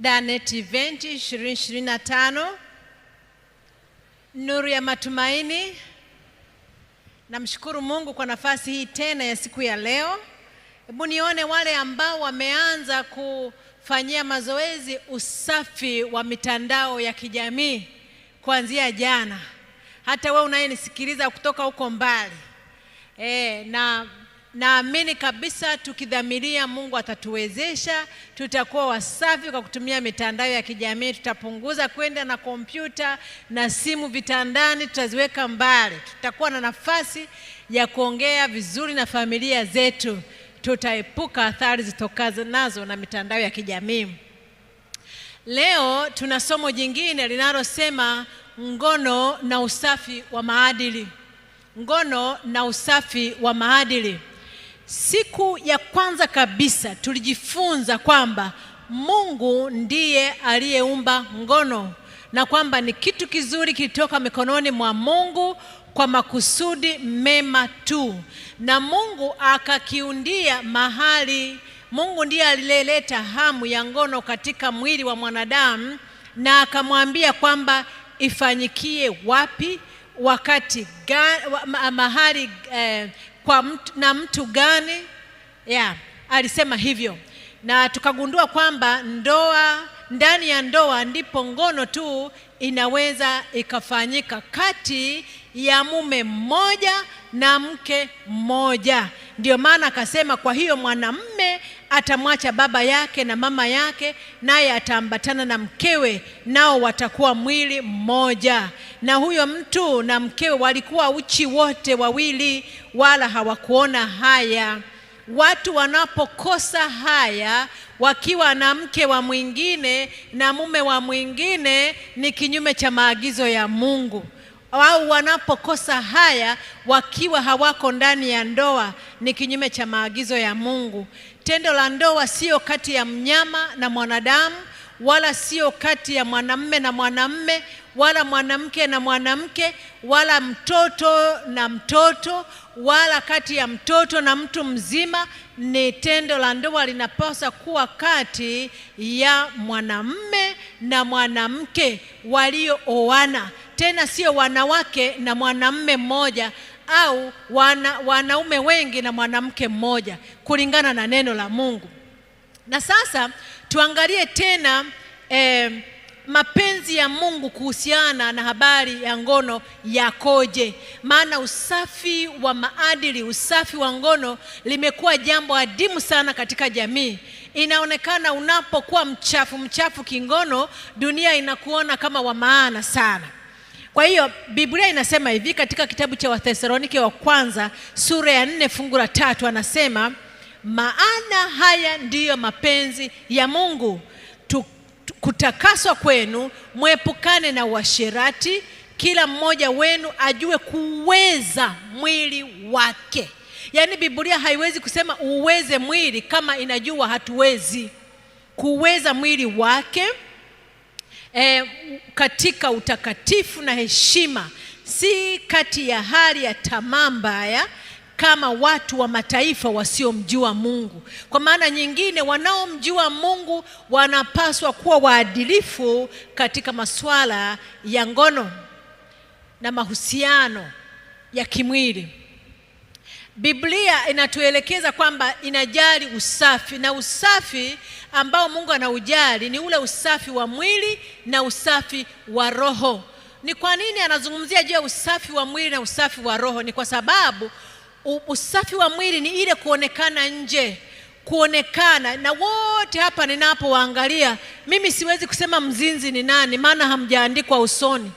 DANET event 2025 Nuru ya Matumaini. Namshukuru Mungu kwa nafasi hii tena ya siku ya leo. Hebu nione wale ambao wameanza kufanyia mazoezi usafi wa mitandao ya kijamii kuanzia jana, hata wewe unayenisikiliza kutoka huko mbali e, na naamini kabisa tukidhamiria, Mungu atatuwezesha. Tutakuwa wasafi kwa kutumia mitandao ya kijamii, tutapunguza kwenda na kompyuta na simu vitandani, tutaziweka mbali. Tutakuwa na nafasi ya kuongea vizuri na familia zetu, tutaepuka athari zitokazo nazo na mitandao ya kijamii. Leo tuna somo jingine linalosema ngono na usafi wa maadili, ngono na usafi wa maadili. Siku ya kwanza kabisa tulijifunza kwamba Mungu ndiye aliyeumba ngono na kwamba ni kitu kizuri kilitoka mikononi mwa Mungu kwa makusudi mema tu, na Mungu akakiundia mahali. Mungu ndiye alileleta hamu ya ngono katika mwili wa mwanadamu na akamwambia kwamba ifanyikie wapi, wakati wa, mahali eh, kwa mtu, na mtu gani? Yeah, alisema hivyo, na tukagundua kwamba ndoa ndani ya ndoa ndipo ngono tu inaweza ikafanyika kati ya mume mmoja na mke mmoja. Ndiyo maana akasema, kwa hiyo mwanamme atamwacha baba yake na mama yake, naye ataambatana na mkewe, nao watakuwa mwili mmoja. Na huyo mtu na mkewe walikuwa uchi wote wawili, wala hawakuona haya. Watu wanapokosa haya wakiwa na mke wa mwingine na mume wa mwingine, ni kinyume cha maagizo ya Mungu au wanapokosa haya wakiwa hawako ndani ya ndoa ni kinyume cha maagizo ya Mungu. Tendo la ndoa sio kati ya mnyama na mwanadamu, wala sio kati ya mwanamme na mwanamme, wala mwanamke na mwanamke, wala mtoto na mtoto, wala kati ya mtoto na mtu mzima. Ni tendo la ndoa linapaswa kuwa kati ya mwanamme na mwanamke waliooana tena sio wanawake na mwanamme mmoja au wana, wanaume wengi na mwanamke mmoja kulingana na neno la Mungu. Na sasa tuangalie tena eh, mapenzi ya Mungu kuhusiana na habari ya ngono yakoje? Maana usafi wa maadili, usafi wa ngono limekuwa jambo adimu sana katika jamii. Inaonekana unapokuwa mchafu mchafu kingono, dunia inakuona kama wa maana sana. Kwa hiyo Biblia inasema hivi katika kitabu cha Wathesalonike wa kwanza sura ya nne fungu la tatu anasema maana haya ndiyo mapenzi ya Mungu kutakaswa kwenu, mwepukane na washerati kila mmoja wenu ajue kuweza mwili wake. Yaani Biblia haiwezi kusema uweze mwili kama inajua hatuwezi kuweza mwili wake e, katika utakatifu na heshima, si kati ya hali ya tamaa mbaya kama watu wa mataifa wasiomjua Mungu. Kwa maana nyingine, wanaomjua Mungu wanapaswa kuwa waadilifu katika masuala ya ngono na mahusiano ya kimwili. Biblia inatuelekeza kwamba inajali usafi na usafi ambao Mungu anaujali ni ule usafi wa mwili na usafi wa roho. Ni kwa nini anazungumzia juu ya usafi wa mwili na usafi wa roho? Ni kwa sababu usafi wa mwili ni ile kuonekana nje, kuonekana na wote. Hapa ninapowaangalia mimi siwezi kusema mzinzi ni nani, maana hamjaandikwa usoni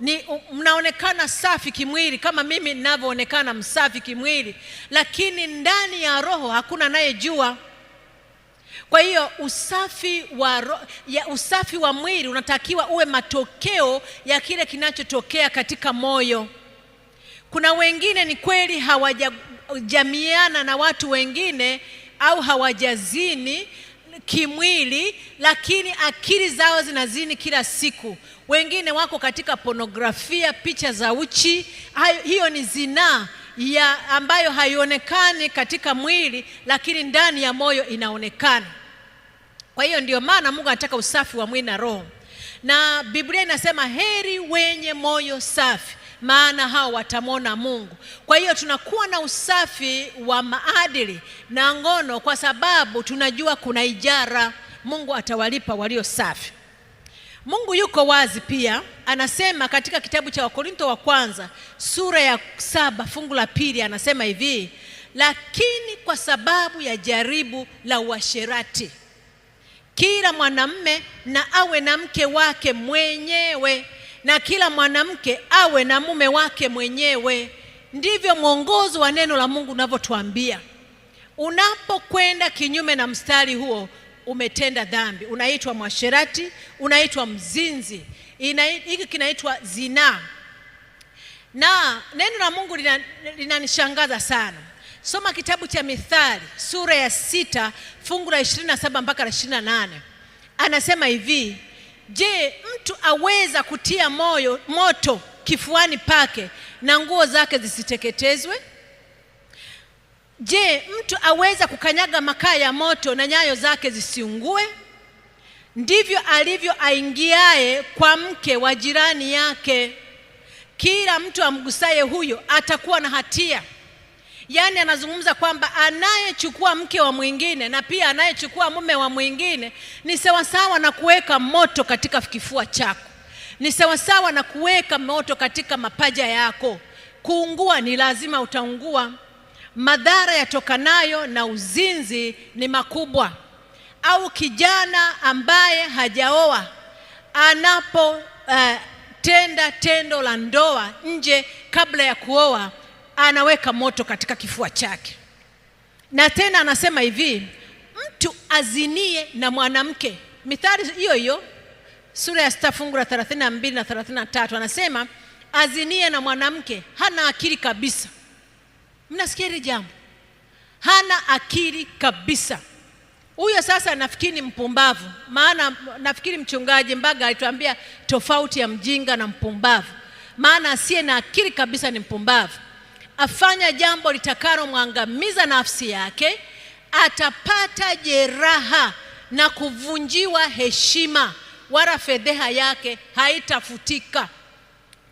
ni mnaonekana safi kimwili kama mimi ninavyoonekana msafi kimwili, lakini ndani ya roho hakuna anayejua. Kwa hiyo usafi wa ro, ya usafi wa mwili unatakiwa uwe matokeo ya kile kinachotokea katika moyo. Kuna wengine ni kweli hawajajamiana na watu wengine au hawajazini kimwili, lakini akili zao zinazini kila siku wengine wako katika ponografia, picha za uchi. Hayo, hiyo ni zinaa ya ambayo haionekani katika mwili, lakini ndani ya moyo inaonekana. Kwa hiyo ndio maana Mungu anataka usafi wa mwili na roho, na Biblia inasema heri wenye moyo safi maana hao watamwona Mungu. Kwa hiyo tunakuwa na usafi wa maadili na ngono, kwa sababu tunajua kuna ijara, Mungu atawalipa walio safi. Mungu yuko wazi pia, anasema katika kitabu cha Wakorinto wa kwanza sura ya saba fungu la pili anasema hivi, lakini kwa sababu ya jaribu la uasherati kila mwanamme na awe na mke wake mwenyewe na kila mwanamke awe na mume wake mwenyewe. Ndivyo mwongozo wa neno la Mungu unavyotuambia. Unapokwenda kinyume na mstari huo umetenda dhambi, unaitwa mwasherati, unaitwa mzinzi, hiki kinaitwa zinaa. Na neno la Mungu linanishangaza lina sana. Soma kitabu cha Mithali sura ya sita fungu la 27 mpaka la 28, anasema hivi: Je, mtu aweza kutia moyo moto kifuani pake na nguo zake zisiteketezwe? Je, mtu aweza kukanyaga makaa ya moto na nyayo zake zisiungue? Ndivyo alivyo aingiaye kwa mke wa jirani yake. Kila mtu amgusaye huyo atakuwa na hatia. Yaani anazungumza kwamba anayechukua mke wa mwingine na pia anayechukua mume wa mwingine ni sawasawa na kuweka moto katika kifua chako, ni sawasawa na kuweka moto katika mapaja yako. Kuungua ni lazima utaungua madhara yatokanayo na uzinzi ni makubwa. Au kijana ambaye hajaoa anapotenda eh, uh, tendo la ndoa nje kabla ya kuoa, anaweka moto katika kifua chake. Na tena anasema hivi, mtu azinie na mwanamke. Mithali hiyo hiyo sura ya sita fungu la 32 na 33, anasema azinie na mwanamke, hana akili kabisa. Mnasikia ile jambo, hana akili kabisa huyo. Sasa nafikiri ni mpumbavu, maana nafikiri mchungaji Mbaga alituambia tofauti ya mjinga na mpumbavu, maana asiye na akili kabisa ni mpumbavu, afanya jambo litakalomwangamiza nafsi yake, atapata jeraha na kuvunjiwa heshima, wala fedheha yake haitafutika.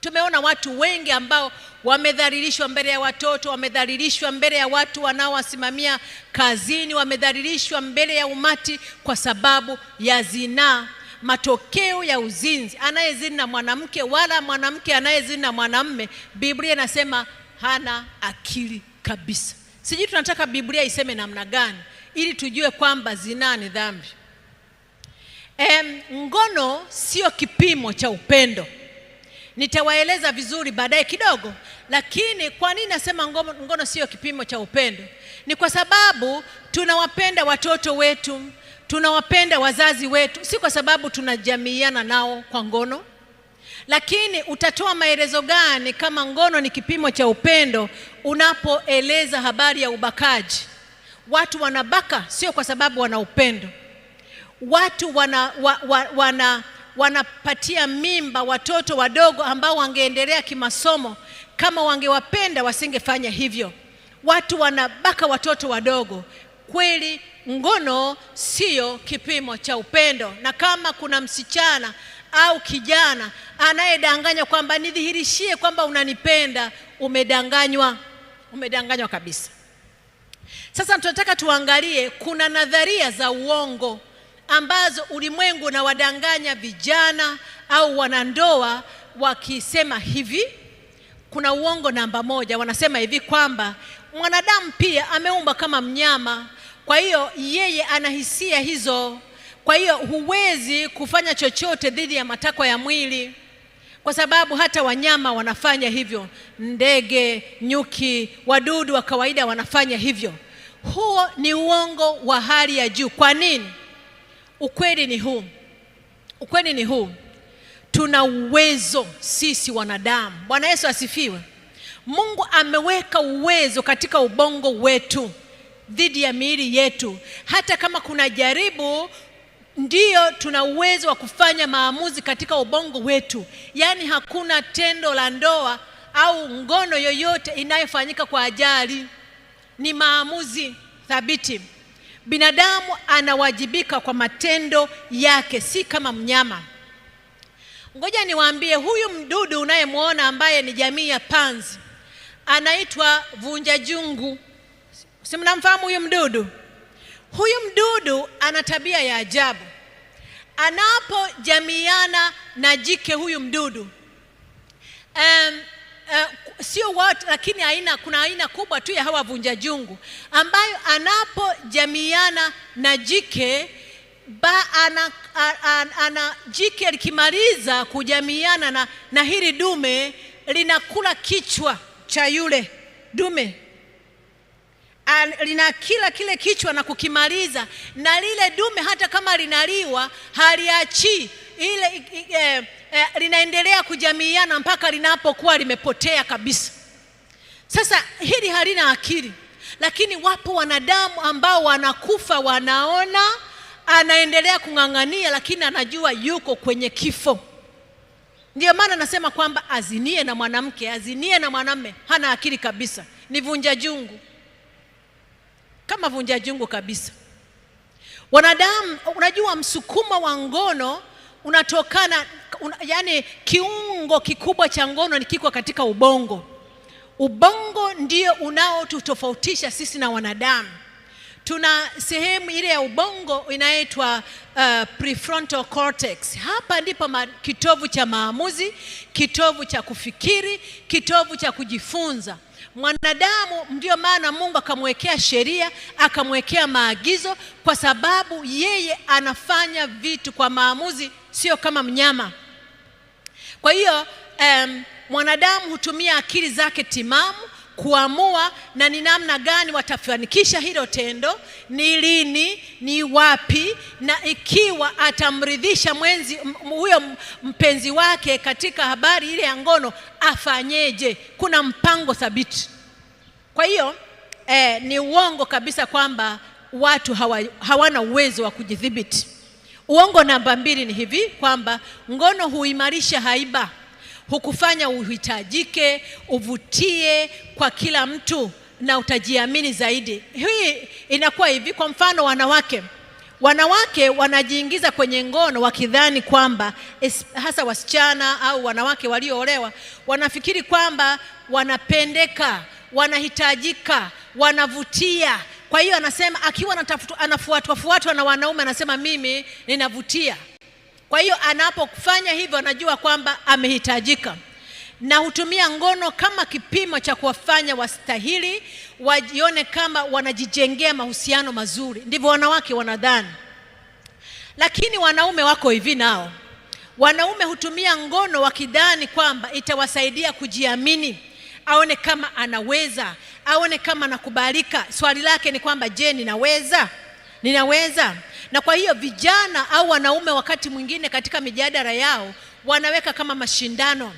Tumeona watu wengi ambao wamedhalilishwa mbele ya watoto, wamedhalilishwa mbele ya watu wanaowasimamia kazini, wamedhalilishwa mbele ya umati kwa sababu ya zinaa, matokeo ya uzinzi. Anayezini na mwanamke wala mwanamke anayezini na mwanamme, Biblia inasema hana akili kabisa. Sijui tunataka Biblia iseme namna gani ili tujue kwamba zinaa ni dhambi. Em, ngono sio kipimo cha upendo. Nitawaeleza vizuri baadaye kidogo, lakini kwa nini nasema ngono, ngono siyo kipimo cha upendo? Ni kwa sababu tunawapenda watoto wetu, tunawapenda wazazi wetu, si kwa sababu tunajamiiana nao kwa ngono. Lakini utatoa maelezo gani kama ngono ni kipimo cha upendo unapoeleza habari ya ubakaji? Watu wanabaka sio kwa sababu wana upendo, watu wana, wa, wa, wana wanapatia mimba watoto wadogo ambao wangeendelea kimasomo. Kama wangewapenda wasingefanya hivyo. Watu wanabaka watoto wadogo. Kweli ngono siyo kipimo cha upendo, na kama kuna msichana au kijana anayedanganya kwamba nidhihirishie kwamba unanipenda, umedanganywa, umedanganywa kabisa. Sasa tunataka tuangalie, kuna nadharia za uongo ambazo ulimwengu unawadanganya vijana au wanandoa wakisema hivi. Kuna uongo namba moja, wanasema hivi kwamba mwanadamu pia ameumba kama mnyama, kwa hiyo yeye ana hisia hizo, kwa hiyo huwezi kufanya chochote dhidi ya matakwa ya mwili, kwa sababu hata wanyama wanafanya hivyo, ndege, nyuki, wadudu wa kawaida wanafanya hivyo. Huo ni uongo wa hali ya juu. Kwa nini? Ukweli ni huu, ukweli ni huu, tuna uwezo sisi wanadamu. Bwana Yesu asifiwe. Mungu ameweka uwezo katika ubongo wetu dhidi ya miili yetu. Hata kama kuna jaribu, ndiyo tuna uwezo wa kufanya maamuzi katika ubongo wetu. Yaani hakuna tendo la ndoa au ngono yoyote inayofanyika kwa ajali, ni maamuzi thabiti. Binadamu anawajibika kwa matendo yake, si kama mnyama. Ngoja niwaambie, huyu mdudu unayemwona ambaye ni jamii ya panzi anaitwa vunja jungu. Si mnamfahamu huyu mdudu? Huyu mdudu ana tabia ya ajabu. Anapojamiana na jike huyu mdudu um, uh, sio wote lakini aina, kuna aina kubwa tu ya hawa vunja jungu ambayo anapojamiana na jike ba ana, ana, ana jike likimaliza kujamiana na, na hili dume linakula kichwa cha yule dume lina kila kile kichwa na kukimaliza, na lile dume hata kama linaliwa haliachii ile, ile eh, linaendelea kujamiiana mpaka linapokuwa limepotea kabisa. Sasa hili halina akili, lakini wapo wanadamu ambao wanakufa, wanaona anaendelea kung'ang'ania, lakini anajua yuko kwenye kifo. ndio maana nasema kwamba azinie na mwanamke, azinie na mwanamme, hana akili kabisa, ni vunja jungu, kama vunja jungu kabisa. Wanadamu, unajua msukumo wa ngono unatokana una, yani kiungo kikubwa cha ngono ni kiko katika ubongo. Ubongo ndio unaotutofautisha sisi na wanadamu. Tuna sehemu ile ya ubongo inaitwa uh, prefrontal cortex. Hapa ndipo kitovu cha maamuzi, kitovu cha kufikiri, kitovu cha kujifunza mwanadamu. Ndiyo maana Mungu akamwekea sheria, akamwekea maagizo, kwa sababu yeye anafanya vitu kwa maamuzi, sio kama mnyama. Kwa hiyo um, mwanadamu hutumia akili zake timamu kuamua na ni namna gani watafanikisha hilo tendo, ni lini, ni wapi, na ikiwa atamridhisha mwenzi huyo mpenzi wake katika habari ile ya ngono afanyeje? Kuna mpango thabiti. Kwa hiyo eh, ni uongo kabisa kwamba watu hawa, hawana uwezo wa kujidhibiti. Uongo namba mbili ni hivi kwamba ngono huimarisha haiba, hukufanya uhitajike, uvutie kwa kila mtu na utajiamini zaidi. Hii inakuwa hivi, kwa mfano wanawake wanawake wanajiingiza kwenye ngono wakidhani kwamba es, hasa wasichana au wanawake walioolewa wanafikiri kwamba wanapendeka, wanahitajika, wanavutia kwa hiyo anasema akiwa anafuatwafuatwa na wanaume, anasema mimi ninavutia. Kwa hiyo anapofanya hivyo, anajua kwamba amehitajika, na hutumia ngono kama kipimo cha kuwafanya wastahili, wajione kama wanajijengea mahusiano mazuri. Ndivyo wanawake wanadhani, lakini wanaume wako hivi nao. Wanaume hutumia ngono wakidhani kwamba itawasaidia kujiamini aone kama anaweza, aone kama anakubalika. Swali lake ni kwamba je, ninaweza? Ninaweza? Na kwa hiyo vijana au wanaume wakati mwingine katika mijadala yao wanaweka kama mashindano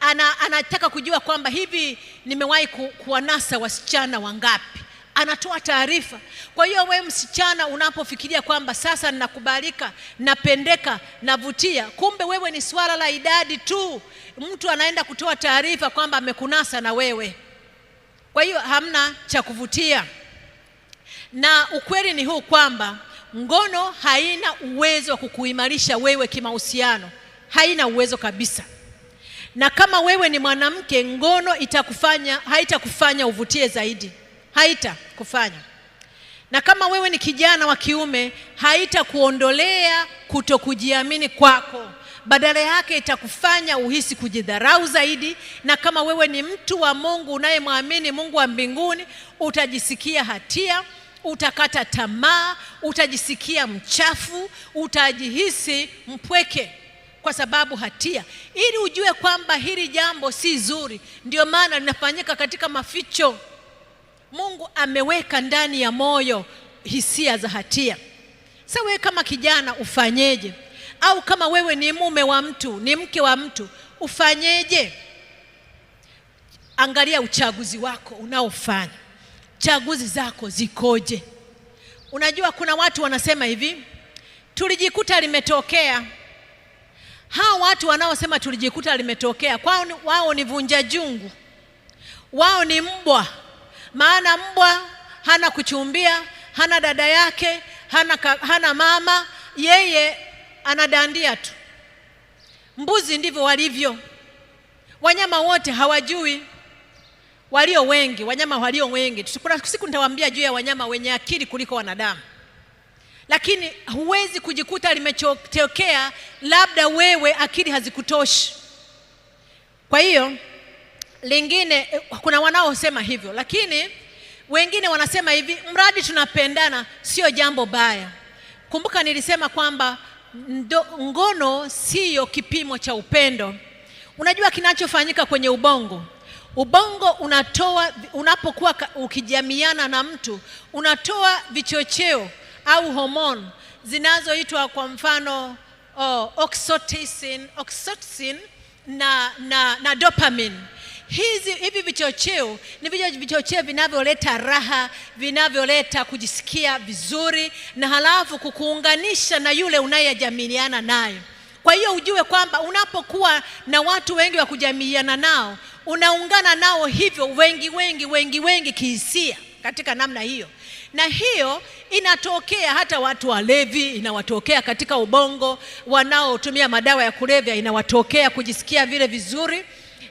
ana, anataka kujua kwamba hivi nimewahi ku, kuwanasa wasichana wangapi anatoa taarifa. Kwa hiyo wewe msichana, unapofikiria kwamba sasa ninakubalika, napendeka, navutia, kumbe wewe ni swala la idadi tu. Mtu anaenda kutoa taarifa kwamba amekunasa na wewe, kwa hiyo hamna cha kuvutia. Na ukweli ni huu kwamba ngono haina uwezo wa kukuimarisha wewe kimahusiano, haina uwezo kabisa. Na kama wewe ni mwanamke, ngono itakufanya haitakufanya uvutie zaidi haita kufanya na kama wewe ni kijana wa kiume haita kuondolea kutokujiamini kwako badala yake itakufanya uhisi kujidharau zaidi, na kama wewe ni mtu wa Mungu unayemwamini Mungu wa mbinguni, utajisikia hatia, utakata tamaa, utajisikia mchafu, utajihisi mpweke kwa sababu hatia. Ili ujue kwamba hili jambo si zuri, ndio maana linafanyika katika maficho. Mungu ameweka ndani ya moyo hisia za hatia. Sasa wewe kama kijana ufanyeje? Au kama wewe ni mume wa mtu, ni mke wa mtu, ufanyeje? Angalia uchaguzi wako unaofanya, chaguzi zako zikoje? Unajua kuna watu wanasema hivi, tulijikuta limetokea. Hawa watu wanaosema tulijikuta limetokea, kwao wao ni vunja jungu, wao ni mbwa maana mbwa hana kuchumbia, hana dada yake, hana, hana mama, yeye anadandia tu. Mbuzi ndivyo walivyo, wanyama wote hawajui walio wengi, wanyama walio wengi. Kuna siku nitawaambia juu ya wanyama wenye akili kuliko wanadamu, lakini huwezi kujikuta limechotokea labda wewe akili hazikutoshi. Kwa hiyo lingine, eh, kuna wanaosema hivyo, lakini wengine wanasema hivi, mradi tunapendana sio jambo baya. Kumbuka nilisema kwamba ndo, ngono siyo kipimo cha upendo. Unajua kinachofanyika kwenye ubongo ubongo unatoa, unapokuwa ukijamiana na mtu unatoa vichocheo au homon zinazoitwa kwa mfano oh, oxytocin, oxytocin na, na, na dopamine hizi, hivi vichocheo ni vile vichocheo vinavyoleta raha, vinavyoleta kujisikia vizuri, na halafu kukuunganisha na yule unayejamiliana naye. Kwa hiyo ujue kwamba unapokuwa na watu wengi wa kujamiliana nao, unaungana nao hivyo wengi wengi wengi wengi kihisia katika namna hiyo, na hiyo inatokea hata watu walevi, inawatokea katika ubongo, wanaotumia madawa ya kulevya, inawatokea kujisikia vile vizuri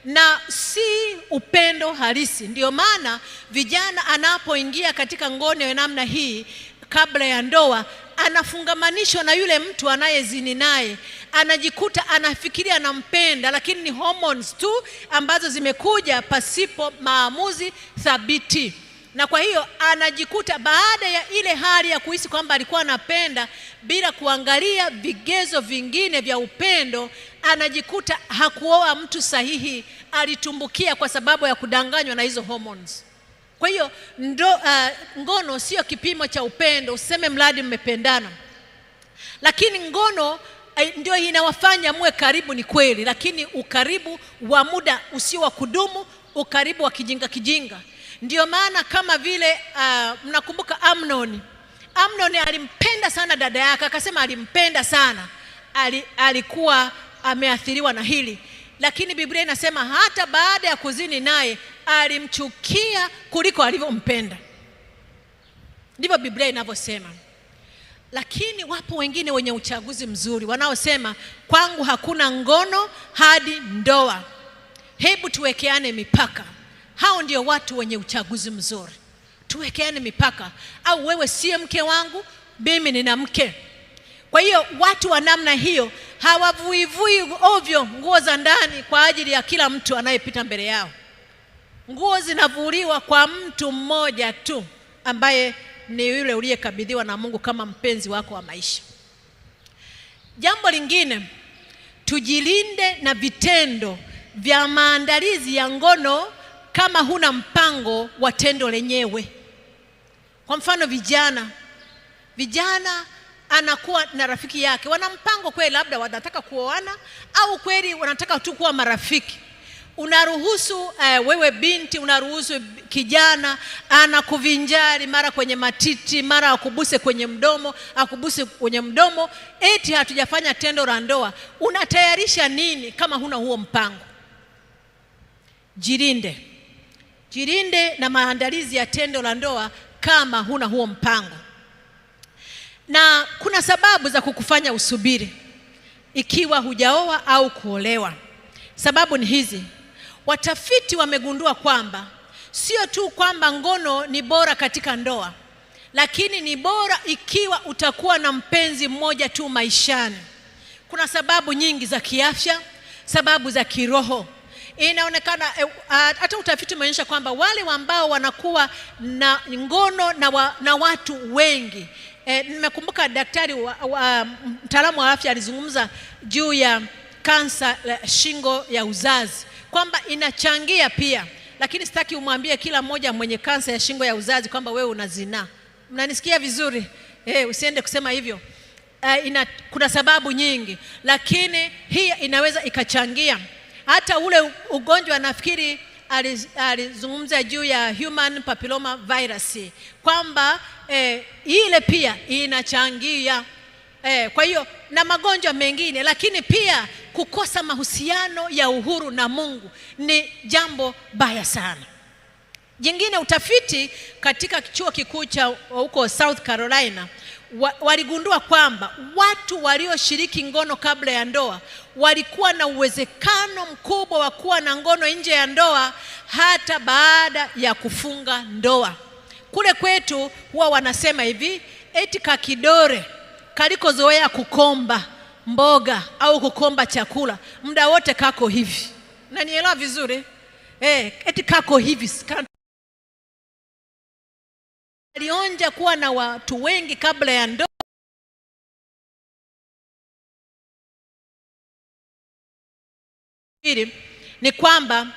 na si upendo halisi. Ndiyo maana vijana anapoingia katika ngono ya namna hii kabla ya ndoa anafungamanishwa na yule mtu anayezini naye, anajikuta anafikiria anampenda, lakini ni hormones tu ambazo zimekuja pasipo maamuzi thabiti na kwa hiyo anajikuta baada ya ile hali ya kuhisi kwamba alikuwa anapenda bila kuangalia vigezo vingine vya upendo, anajikuta hakuoa mtu sahihi, alitumbukia kwa sababu ya kudanganywa na hizo hormones. Kwa hiyo ndo, uh, ngono sio kipimo cha upendo, useme mradi mmependana, lakini ngono eh, ndio inawafanya muwe karibu, ni kweli, lakini ukaribu wa muda usio wa kudumu, ukaribu wa kijinga kijinga Ndiyo maana kama vile uh, mnakumbuka Amnon. Amnon alimpenda sana dada yake, akasema alimpenda sana ali, alikuwa ameathiriwa na hili lakini Biblia inasema hata baada ya kuzini naye alimchukia kuliko alivyompenda. Ndivyo Biblia inavyosema. Lakini wapo wengine wenye uchaguzi mzuri wanaosema kwangu hakuna ngono hadi ndoa. Hebu tuwekeane mipaka. Hao ndio watu wenye uchaguzi mzuri. Tuwekeane mipaka, au wewe siye mke wangu, mimi nina mke. Kwa hiyo watu wa namna hiyo hawavuivui ovyo nguo za ndani kwa ajili ya kila mtu anayepita mbele yao. Nguo zinavuliwa kwa mtu mmoja tu ambaye ni yule uliyekabidhiwa na Mungu kama mpenzi wako wa maisha. Jambo lingine, tujilinde na vitendo vya maandalizi ya ngono kama huna mpango wa tendo lenyewe. Kwa mfano, vijana vijana anakuwa na rafiki yake, wana mpango kweli, labda wanataka kuoana au kweli wanataka tu kuwa marafiki. Unaruhusu eh, wewe binti, unaruhusu kijana anakuvinjari mara kwenye matiti, mara akubuse kwenye mdomo, akubuse kwenye mdomo, eti hatujafanya tendo la ndoa. Unatayarisha nini kama huna huo mpango? Jirinde. Jilinde na maandalizi ya tendo la ndoa kama huna huo mpango, na kuna sababu za kukufanya usubiri ikiwa hujaoa au kuolewa. Sababu ni hizi. Watafiti wamegundua kwamba sio tu kwamba ngono ni bora katika ndoa, lakini ni bora ikiwa utakuwa na mpenzi mmoja tu maishani. Kuna sababu nyingi za kiafya, sababu za kiroho inaonekana eh, ah, hata uh, utafiti umeonyesha kwamba wale ambao wanakuwa na ngono na, wa, na watu wengi e, nimekumbuka daktari mtaalamu wa afya alizungumza juu ya kansa la shingo ya uzazi kwamba inachangia pia, lakini sitaki umwambie kila mmoja mwenye kansa ya shingo ya uzazi kwamba wewe unazinaa. Mnanisikia vizuri e, usiende kusema hivyo. Uh, ina, kuna sababu nyingi lakini hii inaweza ikachangia hata ule ugonjwa nafikiri alizungumza juu ya human papilloma virus kwamba eh, ile pia inachangia eh, kwa hiyo na magonjwa mengine, lakini pia kukosa mahusiano ya uhuru na Mungu ni jambo baya sana. Jingine, utafiti katika chuo kikuu cha huko South Carolina wa, waligundua kwamba watu walioshiriki ngono kabla ya ndoa walikuwa na uwezekano mkubwa wa kuwa na ngono nje ya ndoa hata baada ya kufunga ndoa. Kule kwetu huwa wanasema hivi eti kakidore kalikozoea kukomba mboga au kukomba chakula muda wote kako hivi, nanielewa vizuri eh? Eti kako hivi alionja kuwa na watu wengi kabla ya ndoa. ni kwamba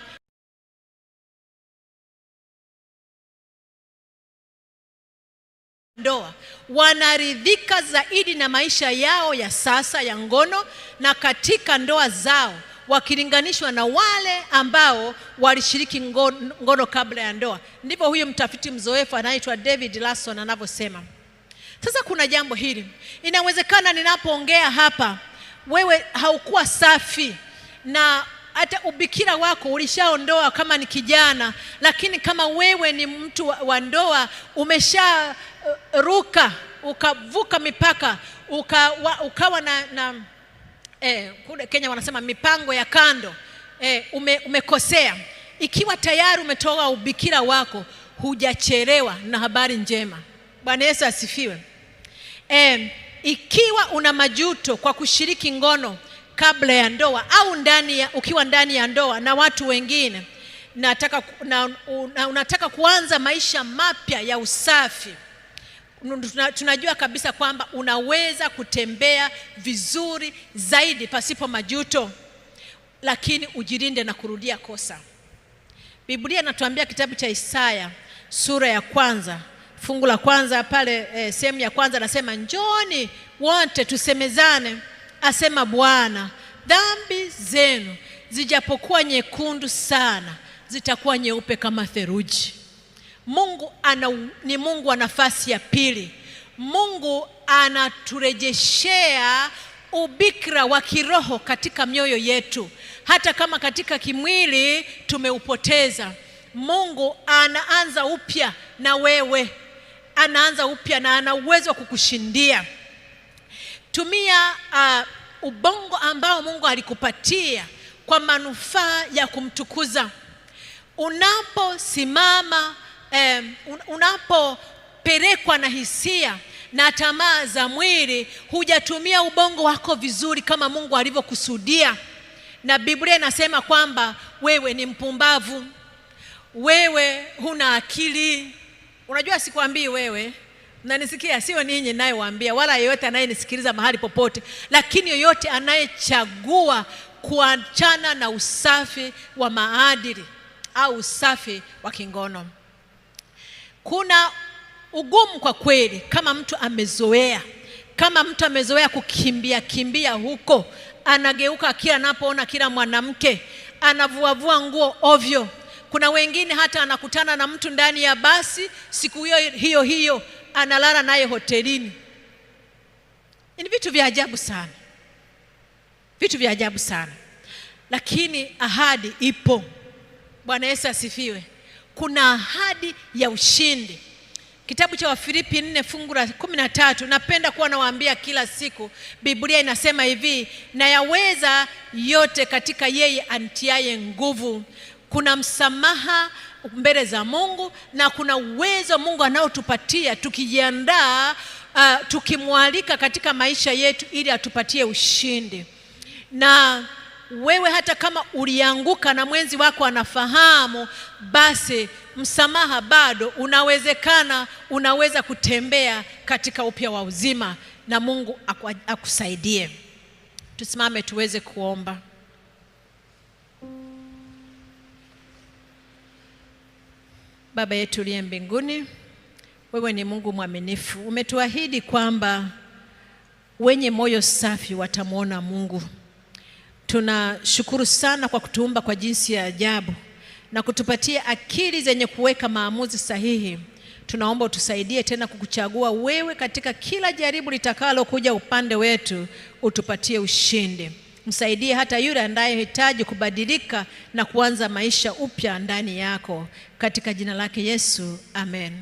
ndoa wanaridhika zaidi na maisha yao ya sasa ya ngono na katika ndoa zao wakilinganishwa na wale ambao walishiriki ngono, ngono kabla ya ndoa. Ndivyo huyu mtafiti mzoefu anaitwa David Larson anavyosema. Sasa kuna jambo hili, inawezekana ninapoongea hapa wewe haukuwa safi na hata ubikira wako ulishaondoa kama ni kijana, lakini kama wewe ni mtu wa ndoa umesharuka uh, ukavuka mipaka uka, wa, ukawa na, na eh, kule Kenya wanasema mipango ya kando eh, ume, umekosea ikiwa tayari umetoka ubikira wako, hujachelewa na habari njema. Bwana Yesu asifiwe. Eh, ikiwa una majuto kwa kushiriki ngono kabla ya ndoa au ndani ya, ukiwa ndani ya ndoa na watu wengine nataka, na, unataka kuanza maisha mapya ya usafi tunajua kabisa kwamba unaweza kutembea vizuri zaidi pasipo majuto, lakini ujilinde na kurudia kosa. Biblia inatuambia kitabu cha Isaya sura ya kwanza fungu la kwanza pale e, sehemu ya kwanza anasema, njoni wote tusemezane, asema Bwana, dhambi zenu zijapokuwa nyekundu sana, zitakuwa nyeupe kama theluji. Mungu ana, ni Mungu wa nafasi ya pili. Mungu anaturejeshea ubikra wa kiroho katika mioyo yetu, hata kama katika kimwili tumeupoteza. Mungu anaanza upya na wewe, anaanza upya na ana uwezo wa kukushindia. Tumia uh, ubongo ambao Mungu alikupatia kwa manufaa ya kumtukuza. Unaposimama eh, unapopelekwa na hisia na tamaa za mwili, hujatumia ubongo wako vizuri kama Mungu alivyokusudia. Na Biblia inasema kwamba wewe ni mpumbavu, wewe huna akili. Unajua, sikwambii wewe, nanisikia Sio ninyi ninayewaambia, wala yeyote anayenisikiliza mahali popote, lakini yoyote anayechagua kuachana na usafi wa maadili au usafi wa kingono kuna ugumu kwa kweli, kama mtu amezoea, kama mtu amezoea kukimbia kimbia huko, anageuka kila anapoona kila mwanamke, anavuavua nguo ovyo. Kuna wengine hata anakutana na mtu ndani ya basi, siku hiyo hiyo hiyo analala naye hotelini. Ni vitu vya ajabu sana, vitu vya ajabu sana, lakini ahadi ipo. Bwana Yesu asifiwe kuna ahadi ya ushindi. Kitabu cha Wafilipi nne fungu la kumi na tatu. Napenda kuwa nawaambia kila siku, Biblia inasema hivi, na yaweza yote katika yeye antiaye nguvu. Kuna msamaha mbele za Mungu na kuna uwezo Mungu anaotupatia tukijiandaa, uh, tukimwalika katika maisha yetu ili atupatie ushindi na wewe hata kama ulianguka na mwenzi wako anafahamu, basi msamaha bado unawezekana, unaweza kutembea katika upya wa uzima, na Mungu akusaidie. Tusimame tuweze kuomba. Baba yetu uliye mbinguni, wewe ni Mungu mwaminifu, umetuahidi kwamba wenye moyo safi watamwona Mungu. Tunashukuru sana kwa kutuumba kwa jinsi ya ajabu na kutupatia akili zenye kuweka maamuzi sahihi. Tunaomba utusaidie tena kukuchagua wewe katika kila jaribu litakalokuja upande wetu, utupatie ushindi. Msaidie hata yule anayehitaji kubadilika na kuanza maisha upya ndani yako, katika jina lake Yesu, amen.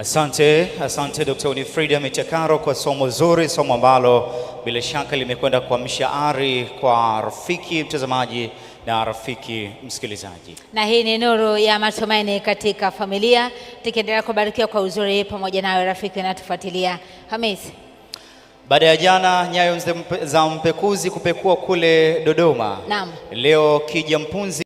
Asante, asante Dkt. Winifrida Michakaro kwa somo zuri, somo ambalo bila shaka limekwenda kuamsha ari kwa rafiki mtazamaji na rafiki msikilizaji. Na hii ni nuru ya matumaini katika familia, tukiendelea kubarikiwa kwa uzuri pamoja nawe rafiki unatufuatilia. hamis baada ya jana nyayo za mpekuzi kupekua kule Dodoma, naam, leo kijampunzi